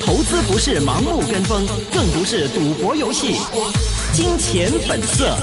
投資不是盲目跟風，更不是賭博遊戲。金錢本色。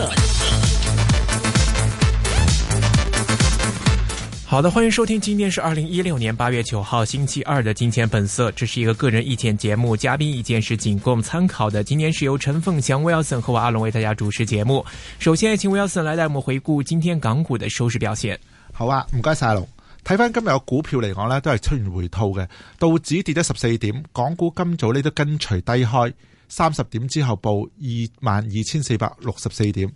好的，歡迎收聽，今天是二零一六年八月九號星期二的《金錢本色》，這是一個個人意見節目，嘉賓意見是僅供參考的。今天是由陳鳳翔 Wilson 和我阿龍為大家主持節目。首先，請 Wilson 來帶我們回顧今天港股的收市表現。好啊，唔該晒，阿龍。睇翻今日嘅股票嚟講呢都係出現回吐嘅，道指跌咗十四點。港股今早呢都跟隨低開三十點之後報二萬二千四百六十四點，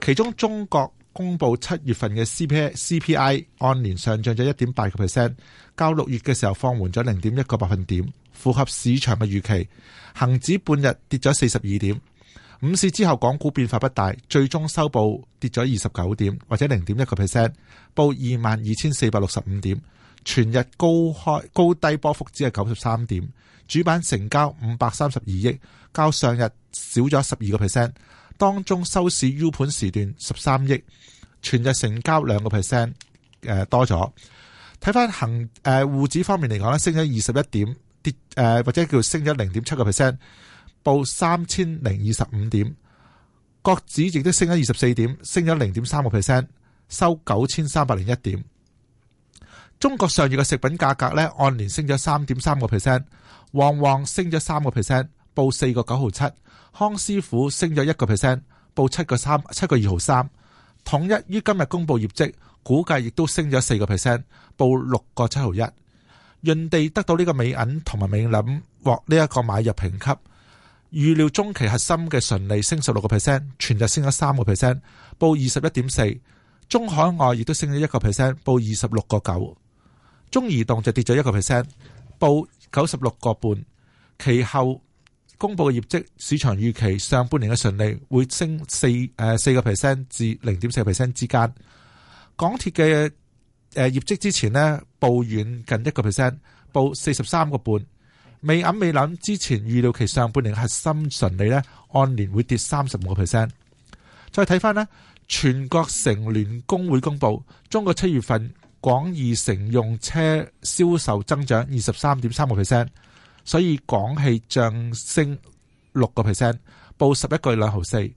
其中中國公布七月份嘅 CPI CPI 按年上漲咗一點八個 percent，較六月嘅時候放緩咗零點一個百分點，符合市場嘅預期。恒指半日跌咗四十二點。五市之後，港股變化不大，最終收報跌咗二十九點，或者零點一個 percent，報二萬二千四百六十五點。全日高開高低波幅只係九十三點，主板成交五百三十二億，較上日少咗十二個 percent。當中收市 U 盤時段十三億，全日成交兩個 percent，誒多咗。睇翻恆誒滬指方面嚟講咧，升咗二十一點，跌誒、呃、或者叫升咗零點七個 percent。報三千零二十五點，國指亦都升咗二十四點，升咗零點三個 percent，收九千三百零一點。中國上月嘅食品價格咧，按年升咗三點三個 percent，旺旺升咗三個 percent，報四個九毫七。康師傅升咗一個 percent，報七個三七個二毫三。統一於今日公布業績，估計亦都升咗四個 percent，報六個七毫一。潤地得到呢個美銀同埋美林獲呢一個買入評級。預料中期核心嘅純利升十六個 percent，全日升咗三個 percent，報二十一點四。中海外亦都升咗一個 percent，報二十六個九。中移動就跌咗一個 percent，報九十六個半。其後公布嘅業績，市場預期上半年嘅純利會升四誒四個 percent 至零點四 percent 之間。港鐵嘅誒業績之前呢，報遠近一個 percent，報四十三個半。未諗未諗之前，預料其上半年核心純利呢，按年會跌三十五個 percent。再睇翻呢，全國乘聯工會公布，中國七月份廣義乘用車銷售增長二十三點三個 percent，所以廣汽漲升六個 percent，報十一個兩毫四。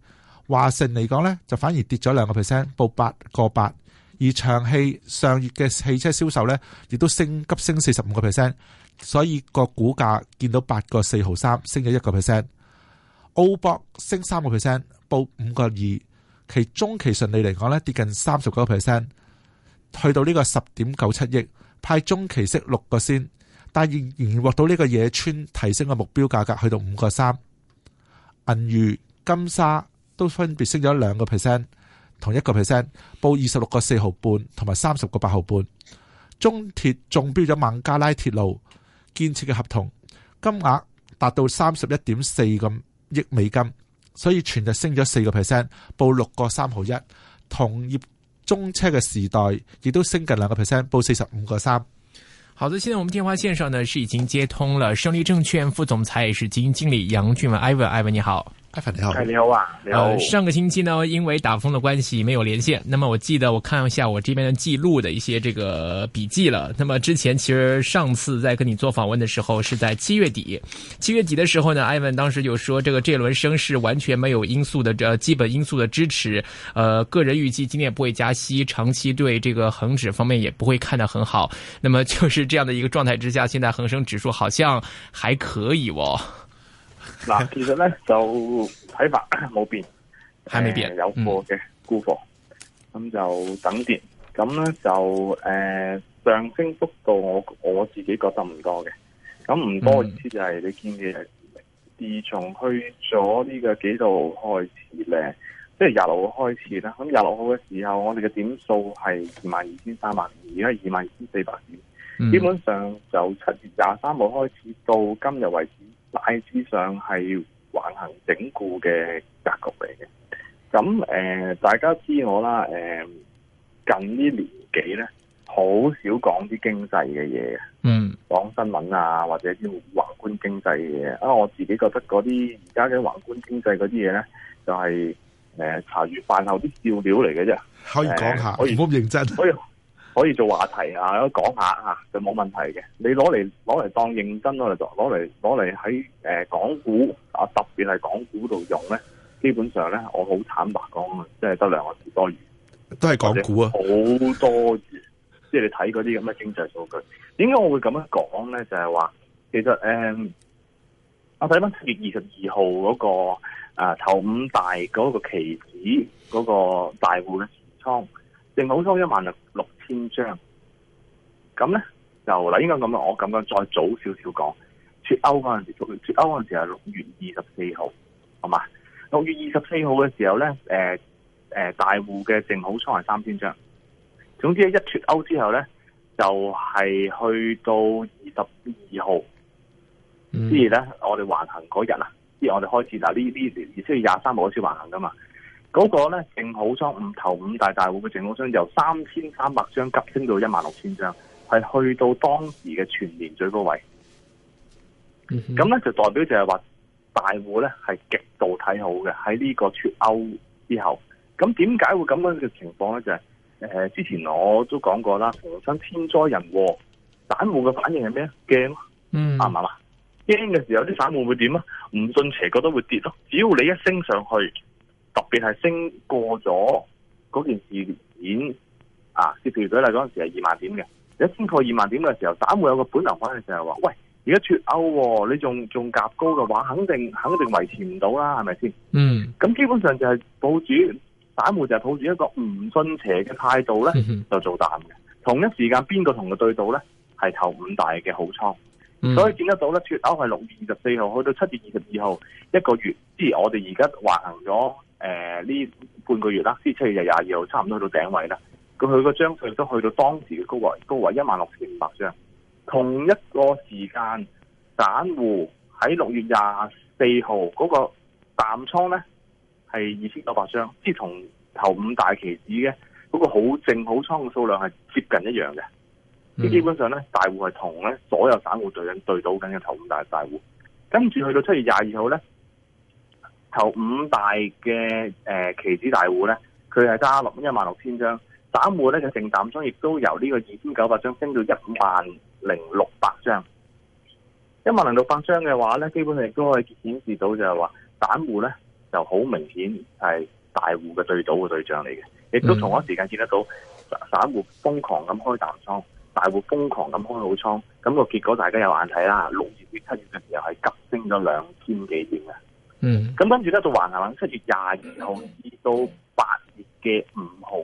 華晨嚟講呢，就反而跌咗兩個 percent，報八個八。而長汽上月嘅汽車銷售呢，亦都升急升四十五個 percent。所以個股價見到八個四毫三，升咗一個 percent。澳博升三個 percent，報五個二。其中期純利嚟講呢，跌近三十九個 percent，去到呢個十點九七億，派中期息六個先，但仍然獲到呢個野村提升嘅目標價格，去到五個三。銀娛、金沙都分別升咗兩個 percent，同一個 percent，報二十六個四毫半，同埋三十個八毫半。中鐵中標咗孟加拉鐵路。建設嘅合同金額達到三十一點四個億美金，所以全日升咗四個 percent，報六個三毫一。同業中車嘅時代亦都升近兩個 percent，報四十五個三。好的，咁現在我們電話線上呢是已經接通了，勝利證券副總裁也是基金經理楊俊文，Ivan，Ivan 你好。開聊啊！呃，上個星期呢，因為打風的關係沒有連線。那麼我記得我看一下我這邊的記錄的一些這個筆記了。那麼之前其實上次在跟你做訪問的時候是在七月底，七月底的時候呢，Ivan 當時就說這個這輪升勢完全沒有因素的呃，基本因素的支持。呃，個人預計今年不會加息，長期對這個恒指方面也不會看的很好。那麼就是這樣的一個狀態之下，現在恒生指數好像還可以哦。嗱， 其實咧就睇法冇變，係未變，呃、有貨嘅、嗯、沽貨，咁就等跌，咁咧就誒、呃、上升幅度我，我我自己覺得唔多嘅，咁唔多意思就係你見嘅係，自、嗯、從去咗呢個幾度開始咧，即係廿六號開始啦，咁廿六號嘅時候，時候我哋嘅點數係二萬二千三百二，而家二萬二千四百二，基本上就七月廿三號開始到今日為止。大致上係橫行整固嘅格局嚟嘅，咁、呃、誒，大家知我啦，誒、呃，近呢年紀咧，好少講啲經濟嘅嘢，嗯，講新聞啊，或者啲宏觀經濟嘅嘢，啊，我自己覺得嗰啲而家嘅宏觀經濟嗰啲嘢咧，就係、是、誒、呃、茶餘飯後啲笑料嚟嘅啫，可以講下，我、呃、唔好認真。可以做話題啊，講下吓、啊、就冇問題嘅。你攞嚟攞嚟當認真攞嚟攞嚟攞嚟喺，誒港股啊，特別係港股度用咧，基本上咧，我好坦白講啊，即係得兩個字，多餘。都係港股啊，好多餘。即係你睇嗰啲咁嘅經濟數據，點解我會咁樣講咧？就係、是、話其實誒、嗯，我睇翻七月二十二號嗰個啊，頭五大嗰個期指嗰、那個大戶嘅持倉，淨好倉一萬六六，千張咁咧，就嗱，應該咁啦。我咁講，再早少少講，脫歐嗰陣時，脫歐陣時係六月二十四號，好嘛？六月二十四號嘅時候咧，誒誒，大戶嘅正好倉係三千張。總之，一脫歐之後咧，就係去到二十二號，之前咧，我哋橫行嗰日啊，之前我哋開始嗱，呢呢呢，即二廿三號開始橫行噶嘛。嗰個咧淨好倉五頭五大大戶嘅淨好倉，由三千三百張急升到一萬六千張，係去到當時嘅全年最高位。咁咧，mm-hmm，就代表就係話大戶咧係極度睇好嘅喺呢個脫歐之後。咁點解會咁樣嘅情況咧？就係、是、誒、呃、之前我都講過啦，發生天災人禍，散戶嘅反應係咩啊？驚咯，嗯，啱唔啱，驚嘅時候啲散戶會點啊？唔信邪覺得會跌咯。只要你一升上去。特別係升過咗嗰件事件啊？跌潮水嚟嗰陣時係二萬點嘅，一千個二萬點嘅時候，散戶有個本能反應就係話：，喂，而家脱歐，你仲仲夾高嘅話，肯定肯定維持唔到啦，係咪先？嗯，咁基本上就係抱住散戶就係抱住一個唔信邪嘅態度咧，就做淡嘅。 同一時間，邊個同佢對賭咧？係頭五大嘅好倉、嗯，所以見得到咧，脱歐係六月二十四號去到七月二十二號一個月，即係我哋而家橫行咗。誒、呃，呢半個月啦，先七月廿二,二號，差唔多去到頂位啦。咁佢個張數都去到當時嘅高位，高位一萬六千五百張。同一個時間，散戶喺六月廿四號嗰、那個淡倉咧係二千九百張，即係同頭五大期指嘅嗰個好正、好倉嘅數量係接近一樣嘅。即、嗯、基本上咧，大戶係同咧所有散戶對緊對到緊嘅頭五大大戶。跟住去到七月廿二號咧，頭五大嘅誒期指大戶咧，佢係加六一萬六千張，散戶咧就淨淡倉亦都由呢個二千九百張升到一萬零六百張。一萬零六百張嘅話咧，基本上亦都可以顯示到就係話，散戶咧就好明顯係大戶嘅最早嘅對象嚟嘅。亦都同一時間見得到，散戶瘋狂咁開淡倉，大戶瘋狂咁開好倉，咁、個結果大家有眼睇啦。六月至七月嘅時候係急升咗兩千幾點嘅。嗯，咁跟住咧就橫行，七月廿二號至到八月嘅五號，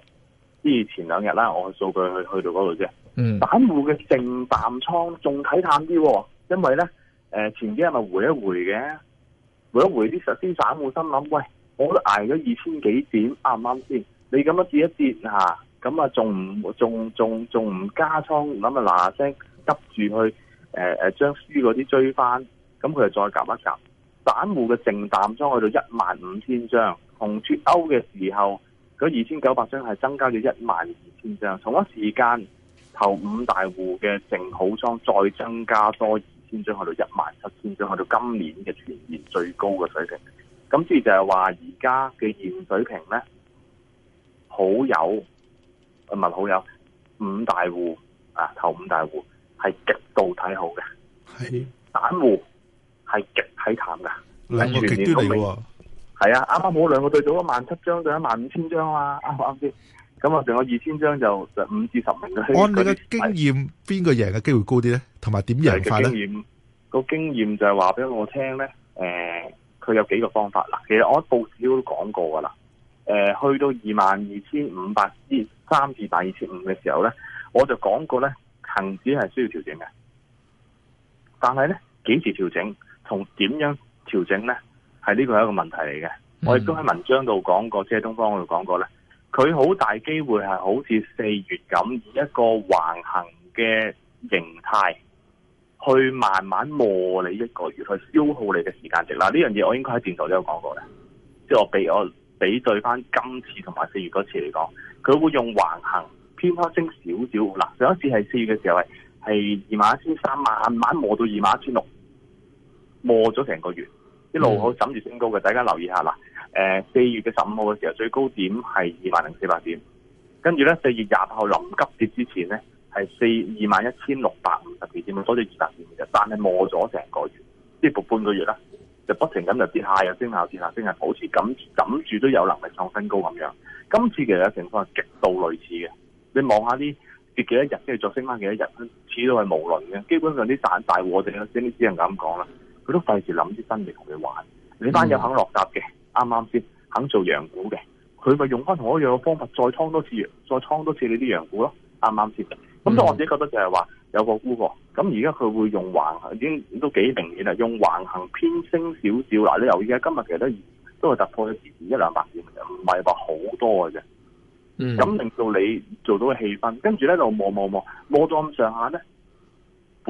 即係前兩日啦，我數據去去到嗰度啫。散戶嘅淨淡倉仲睇淡啲，因為咧誒前幾日咪回一回嘅，回一回啲實先散戶心諗，喂，我都挨咗二千幾點，啱唔啱先？你咁樣跌一跌啊，咁啊，仲唔仲仲仲唔加倉？諗下嗱聲，急住去誒誒，將輸嗰啲追翻，咁佢就再夾一夾。散戶嘅淨淡倉去到一萬五千張，同脫歐嘅時候，嗰二千九百張係增加咗一萬二千張，同一時間頭五大戶嘅淨好倉再增加多二千張，去到一萬七千張，去到今年嘅全年最高嘅水平。咁，即係就係話而家嘅現水平呢，好友，唔係好友，五大戶啊，頭五大戶係極度睇好嘅，係散戶。係極係淡噶，兩個極端嚟嘅，係啊，啱啱冇兩個對到，早一萬七張就一萬五千張啊，啱啱先？咁啊，仲、啊、有二千張就就五至十名嘅。按你嘅經驗，邊個贏嘅機會高啲咧？同埋點贏法咧？個、就是、經驗就係話俾我聽咧，誒、呃，佢有幾個方法啦。其實我喺報紙都講過噶啦，誒、呃，去到二萬二千五百至三至萬二千五嘅時候咧，我就講過咧，恒指係需要調整嘅，但係咧幾時調整？同點樣調整呢？係呢個係一個問題嚟嘅。嗯。我亦都喺文章度講過，即係東方我度講過咧，佢好大機會係好似四月咁，以一個橫行嘅形態去慢慢磨你一個月，去消耗你嘅時間值。嗱，呢樣嘢我應該喺電台都有講過嘅，即係我比我比對翻今次同埋四月嗰次嚟講，佢會用橫行偏開升少少。嗱，上一次係四月嘅時候係二萬一千三，21, 3，慢慢磨到二萬一千六。磨咗成個月，啲路股枕住升高嘅，嗯，大家留意下啦。誒、呃，四月嘅十五號嘅時候最高點係二萬零四百點，跟住咧四月廿八號臨急跌之前咧係四二萬一千六百五十二點，多咗二百點嘅，但係磨咗成個月，即係半個月啦，就不停咁就跌下又升下跌下升下，好似咁枕住都有能力創新高咁樣。今次其實嘅情況係極度類似嘅，你望下啲跌幾多日，跟住再升翻幾多日，始終係無論嘅，基本上啲散大鑊嘅，只呢只能咁講啦。佢都費事諗啲新嘢同佢玩，你班友肯落閘嘅，啱啱先肯做羊股嘅，佢咪用翻同一樣嘅方法，再倉多次，再倉多次你啲羊股咯，啱啱先。咁、嗯、所以我自己覺得就係話有貨沽貨，咁而家佢會用橫行，已經都幾明顯啦，用橫行偏升少少，嗱，你留意下今日其實都都係突破咗之前一兩百點嘅，唔係話好多嘅啫。嗯，咁令到你做到嘅氣氛，跟住咧就望望望，望到咁上下咧。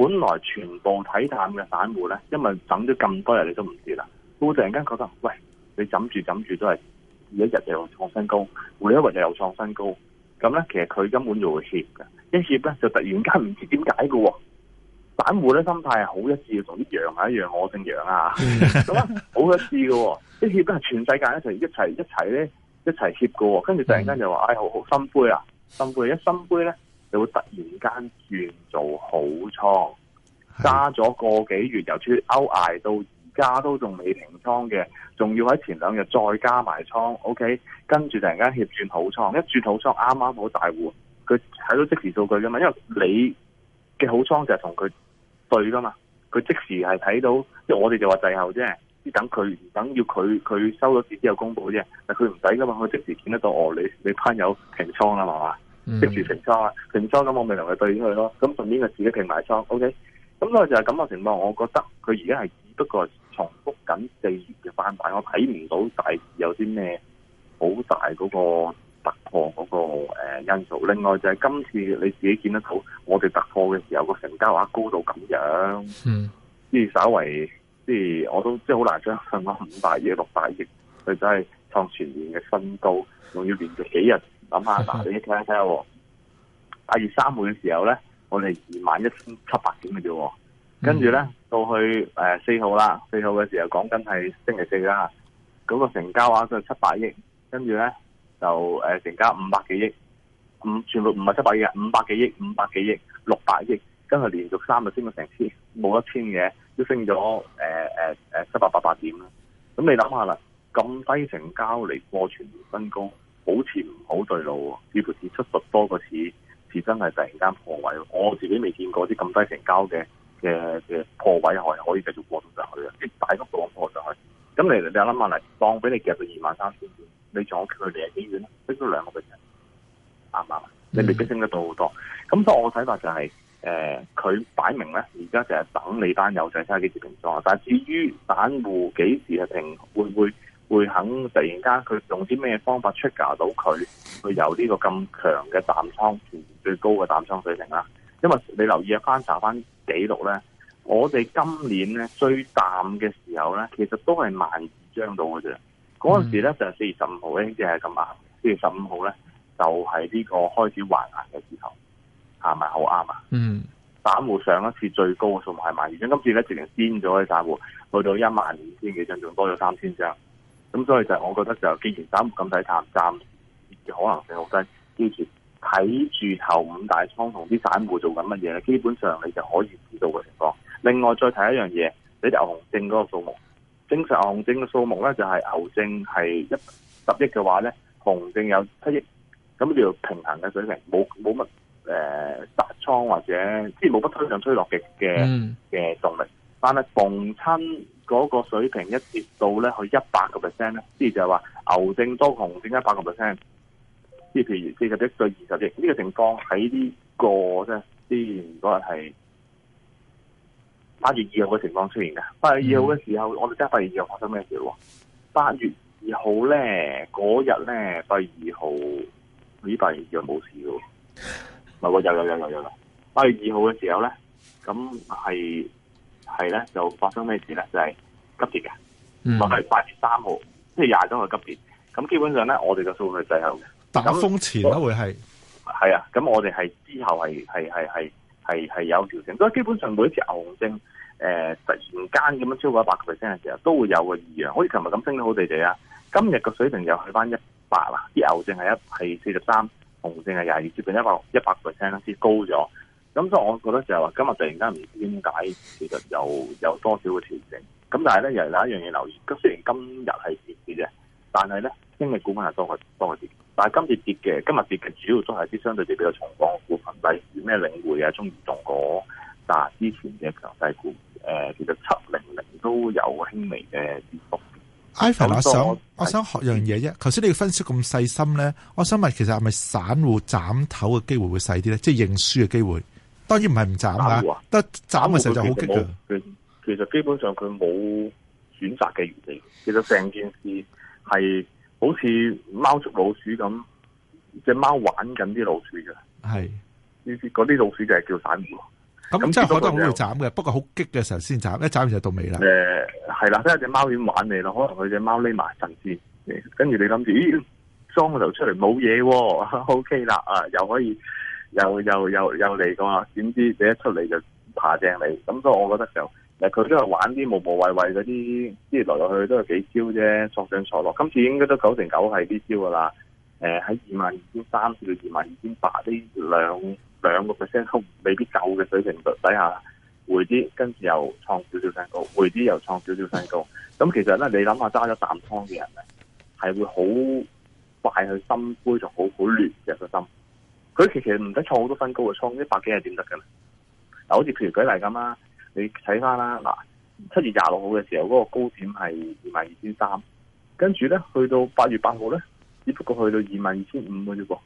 本來全部睇淡嘅散戶咧，因為等咗咁多日你都唔知啦，會突然間覺得喂，你枕住枕住都係，一日就又創新高，每一日就又創新高，咁咧其實佢根本就會怯噶，一怯咧就突然間唔知點解噶喎，散戶咧心態係好一致，同啲羊啊一樣，我姓楊啊，咁 啊好一致噶，一怯咧全世界一齊一齊一齊咧一齊怯噶，跟住突然間就話唉，哎，好好心灰啊，心灰一心灰咧。就會突然間轉做好倉，加咗個幾月，由出歐捱到而家都仲未停倉嘅，仲要喺前兩日再加埋倉。OK，跟住突然間協轉好倉，一轉好倉啱啱好大戶，佢睇到即時數據噶嘛？因為你嘅好倉就係同佢對噶嘛，佢即時係睇到，即係我哋就話滯後啫，等佢等要佢佢收咗資料公布啫，但佢唔使噶嘛，佢即時見得到哦，你你朋友平倉啦，係嘛？積住平倉啊，平倉，咁我咪留嚟對佢咯。咁順便嘅自己拼埋倉。OK，咁所以就係咁嘅情況。我覺得佢而家係只不過重複緊四月嘅翻版。我睇唔到大有啲咩好大嗰個突破嗰個誒因素。另外就係今次你自己見得到我的時候，我哋突破嘅時候個成交額高到咁樣，嗯，即係稍為即係我都即係好難將上個五百億六百億佢真係創全年嘅新高，仲要連續幾日。諗 下，嗱，你聽下聽下，八月三號嘅時候咧，我哋二萬一千七百點嘅啫，跟住咧到去誒四號啦，四號嘅時候講緊係星期四啦，嗰、那個成交啊就七百億，跟住咧就誒成交五百幾億，五全部唔係七百億，五百幾億、五百幾億、六百億，跟住連續三日升咗成千，冇一千嘅，都升咗誒誒誒七百八十八點啦。咁你諗下啦，咁低成交嚟過全年新高。保持唔好對路，似乎跌出十多個市，是真係突然間破位。我自己未見過啲咁低成交嘅嘅嘅破位，可係可以繼續過到上去嘅，即係大幅度破上去。咁你你諗下嚟，當俾你夾到二萬三千你仲有距離幾遠呢？升咗兩個 percent 啱唔啱？你未必升得到好多。咁所以我睇法就係、是，誒、呃，佢擺明咧，而家就係等你班友仔睇下幾時平倉。但係至於散戶幾時係平，會唔會？會肯突然間佢用啲咩方法出 r 到佢去有呢個咁強嘅淡倉，最高嘅淡倉水平啦。因為你留意翻查翻記錄咧，我哋今年咧最淡嘅時候咧，其實都係萬二張到嘅啫。嗰、嗯、陣時咧就係、是、四月十五號，誒，正係咁啊！四月十五號咧就係、是、呢個開始還行嘅時候，係咪好啱啊？嗯，散戶上一次最高嘅數目係萬二張，今次咧直情癲咗嘅散戶，去到一萬二千幾張，仲多咗三千張。咁所以就我覺得就既然三不咁睇探站嘅可能性好低，記住睇住頭五大倉同啲散戶做緊乜嘢咧，基本上你就可以知道嘅情況。另外再睇一樣嘢，你就牛熊證嗰個數目，正常牛熊證嘅數目咧就係牛證係一十億嘅話咧，熊證有七億，咁叫做平衡嘅水平，冇冇乜誒殺倉或者即係冇乜推上推落嘅嘅動力。但係逢親。 嗰、那個水平一跌到咧去一百個 percent 咧，即係就係話牛證多同熊證一百個 percent，即係譬如四十億對二十億呢、這個情況喺呢個咧，之前嗰日係八月二號嘅情況出現嘅，八月二號嘅時候，嗯、我哋真係八月二號又發生咩事？八月二號咧嗰日咧，八月二號呢？八月二號又冇事喎，唔係喎，有了有了有有有嘅。八月二號嘅時候咧，咁係。係咧，就發生咩事咧？就係、是、急跌嘅，落係八月三號，即係廿九號急跌。咁基本上咧，我哋嘅數據滯後嘅。咁打風前咯，會係係啊。咁我哋係之後係係係係係係有調整。所以基本上每一次牛證誒突然間咁樣超過一百 percent 嘅時候，都會有個異樣。好似琴日咁升得好地地啊，今日嘅水平又去翻一百啦。啲牛證係一係四十三，熊證係廿二，接近一百一百 percent 先高咗。咁、嗯、所以，我覺得就係話今日突然間唔知點解，其實有有多少嘅調整。咁但係咧，又有一樣嘢留意。咁雖然今日係跌嘅，但係咧，今日股份係多過多過跌。但係今次跌嘅，今日跌嘅主要都係啲相對地比較重磅嘅股份，例如咩領匯啊、中移動嗰嗱之前嘅強勢股。誒、呃，其實七零零都有輕微嘅跌幅。Ivan，我想我想學樣嘢啫。頭先你嘅分析咁細心咧，我想問其實係咪散戶斬頭嘅機會會細啲咧？即係認輸嘅機會？當然唔係唔斬啊，得斬嘅時候就好激嘅。其實基本上佢冇選擇嘅餘地。其實成件事係好似貓捉老鼠咁，隻貓玩緊啲老鼠嘅。係呢啲啲老鼠就係叫散戶。咁即係覺得好會斬嘅，不過好激嘅時候先斬，嗯、一斬完就到尾啦。誒，係啦，即係隻貓點玩你咯？可能佢隻貓匿埋，甚至跟住你諗住，咦，裝個頭出嚟冇嘢喎，OK 啦，啊，又可以。又又又又嚟嘅嘛？點知你一出嚟就爬正嚟咁，所以我覺得就誒，佢都係玩啲無無謂謂嗰啲，即係來來去去都係幾招啫，坐上坐落。今次應該都九成九係啲招嘅啦。誒，喺二萬二千三至到二萬二千八呢兩兩個 percent 都未必夠嘅水平度底下回啲，跟住又創少少新高，回啲又創少少新高。咁其實咧，你諗下揸咗淡倉嘅人咧，係會好快去心灰，就好好亂嘅個心。佢其實唔使創好多分高嘅，創一百幾係點得噶啦。嗱，好似譬如舉例咁啦，你睇翻啦，嗱，七月廿六號嘅時候嗰個高點係二萬二千三，跟住咧去到八月八號咧，只不過去到二萬二千五嘅啫喎，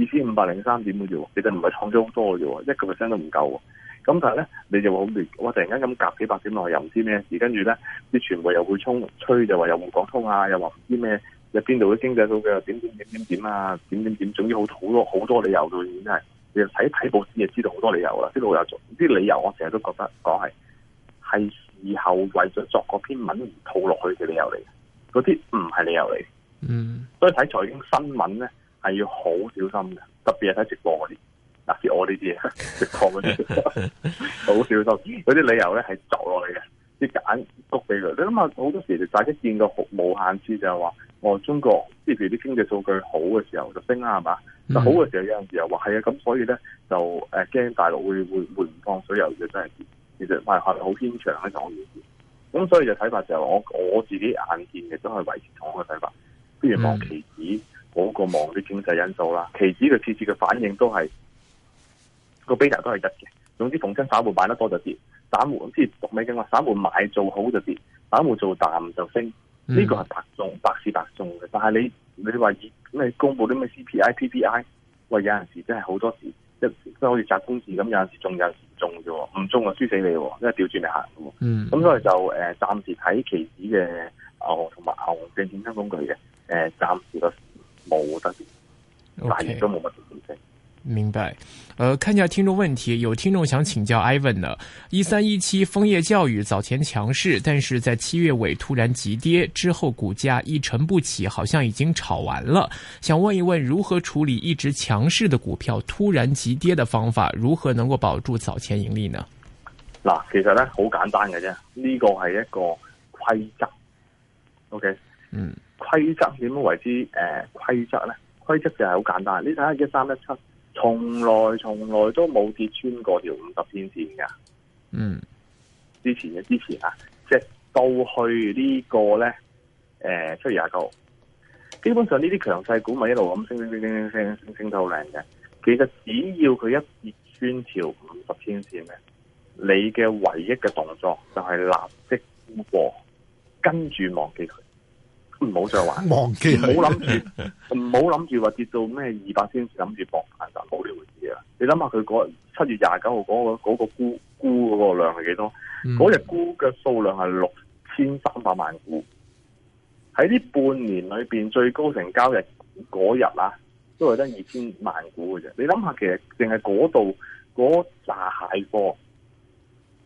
二千五百零三點嘅啫喎，你就唔係創咗好多嘅啫喎，一個 percent 都唔夠喎。咁但係咧，你就話好亂，我突然間咁夾幾百點落去，又唔知咩事，跟住咧啲傳媒又會沖吹就話又冇講通啊，又話唔知咩。喺邊度都經濟到嘅，點點點點點啊，點點點，總之好好多好多理由到，真係、就是、你睇睇報紙就知道好多理由啦。啲理由做，啲理由我成日都覺得講係係事後為咗作嗰篇文而套落去嘅理由嚟，嗰啲唔係理由嚟。嗯，所以睇財經新聞咧係要好小心嘅，特別係睇直播嗰啲，嗱似我呢啲直播嗰啲，好 小心。嗰啲理由咧係作落嚟嘅。啲簡督俾佢，你諗下好多時候，大家見到無限次就係話，我、哦、中國，即係譬如啲經濟數據好嘅時候就升啦，係嘛、mm -hmm.，就好嘅時候有陣時又話係啊，咁所以咧就誒驚大陸會會會唔放水油，又嘅真係，其實唔係係好牽長嘅長遠嘅，咁所以就睇法就係、是、我我自己眼見嘅都係維持同我嘅睇法，不如望期指，mm -hmm. 好過望啲經濟因素啦，期指嘅次次嘅反應都係個 beta 都係一嘅，總之逢親散戶買得多就跌。.散戶即係讀咩嘅話，散戶買做好就跌，散戶做淡就升。呢、這個係白中百試百中嘅。但係你你話以咩公布啲咩 CPI、PPI，喂有陣時真係好多時，即係好似砸公字咁，有陣時中，有陣時唔中嘅。唔中啊，中就輸死你，因為調轉嚟行。嗯。咁所以就誒，暫時睇期指嘅牛同埋牛證點樣工具嘅？誒，暫時都冇得跌，但亦都冇乜點升。明白，呃，看一下聽眾問題，有聽眾想請教 Ivan 呢，一三一七楓葉教育早前強勢，但是在七月尾突然急跌之後，股價一沉不起，好像已經炒完了，想問一問如何處理一直強勢的股票突然急跌的方法？如何能夠保住早前盈利呢？嗱，其實呢，好簡單嘅啫，呢個係一個規則，OK，嗯，規則點為之？誒、呃，規則咧，規則就係好簡單，你睇下一三一七。從來從來都冇跌穿過條五十天線噶，嗯，之前嘅之前啊，即係到去這個呢個咧，誒、呃，七月廿九號，基本上呢啲強勢股咪一路咁升升升升升升升升得好靚嘅，其實只要佢一跌穿條五十天線咧，你嘅唯一嘅動作就係立即沽貨，跟住忘記佢。唔好再玩，忘記，唔好諗住，唔好諗住話跌到咩二百先諗住博，係咪冇呢回事啊！你諗下佢七月廿九號嗰個嗰、嗰個沽沽嗰個量係幾多少？嗰日沽嘅數量係六千三百萬股。喺呢半年裏邊最高成交日嗰日啊，都係得二千萬股嘅啫。你諗下，其實淨係嗰度嗰扎蟹貨、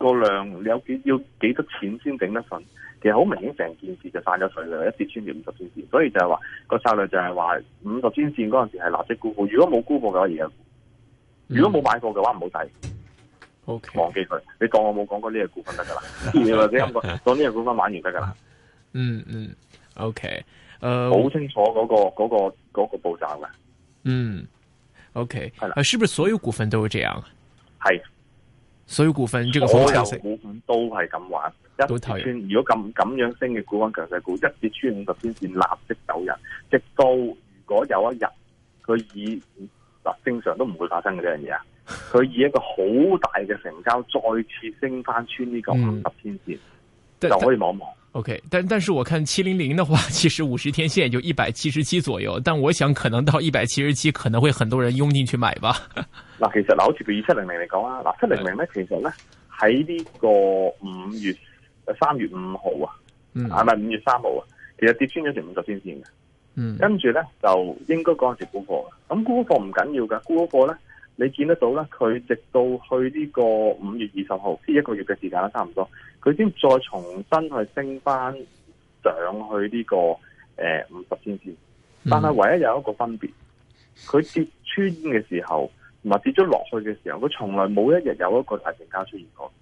嗰個量，你有幾要幾多錢先頂得順？其實好明顯，成件事就散咗水㗎啦，一跌穿住五十天線，所以就係話個策略就係話五十天線嗰陣時係立即沽貨。如果冇沽貨嘅話、嗯、話，而家如果冇買過嘅話，唔好睇。O K，忘記佢，你當我冇講過呢個股份得噶啦，或者咁講呢隻股份玩完得噶啦。嗯嗯，O K，誒，好、okay. uh, 清楚嗰、嗰個、嗰個、嗰個步驟嘅。嗯，O K，係啦。誒、okay.，是不是所有股份都是這樣？係。所以股份這個，所有股份都係咁玩，一跌穿如果咁咁樣升嘅股份、強勢股，一跌穿五十天線，立即走人。直到如果有一日佢以嗱正常都唔會發生嘅呢樣嘢啊，佢以一個好大嘅成交再次升翻穿呢個五十天線， 就可以望一望。O、okay, K，但但是我看七零零的話，其實五十天線就一百七十七左右，但我想可能到一百七十七可能會很多人湧進去買吧。嗱， 其實嗱好似佢二七零零嚟講啊，嗱七零零咧其實咧喺呢個五月三月五號啊，係咪五月三號啊？其實跌穿咗成五十天線嘅，嗯，跟住咧就應該嗰陣時沽貨，咁沽貨唔緊要噶，沽嗰個咧。你見得到咧，佢直到去呢個五月二十號呢一個月嘅時間啦，差唔多，佢先再重新去升翻上去呢、這個誒五十天線。呃、000 000, 但係唯一有一個分別，佢跌穿嘅時候，唔係跌咗落去嘅時候，佢從來冇一日有一個大成交出現過。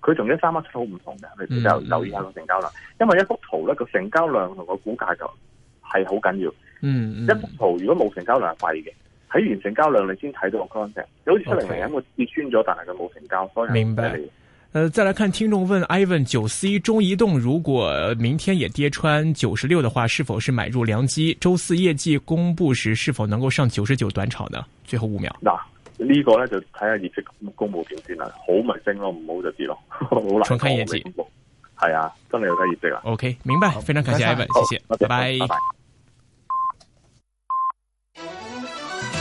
佢同一三一七好唔同嘅，你比較留意下個成交量，因為一幅圖咧個成交量同個股價就係好緊要。嗯，一幅圖如果冇成交量係廢嘅。睇完成交量，你先睇到 concept，好似七零零咁我跌穿咗，okay. 但係佢冇成交，所以明白。誒、呃，再來看聽眾問，Ivan 九 C 中移動如果明天也跌穿九十六的話，是否是買入良機？周四業績公布時，是否能夠上九十九短炒呢？最後五秒嗱，啊這個、呢個咧就睇下業績公布點先啦，好咪升咯，唔好就跌咯，好難。重睇業績公布係啊，真係要睇業績啊。OK，明白，非常感謝 Ivan，謝謝，拜拜。Bye bye okay, bye bye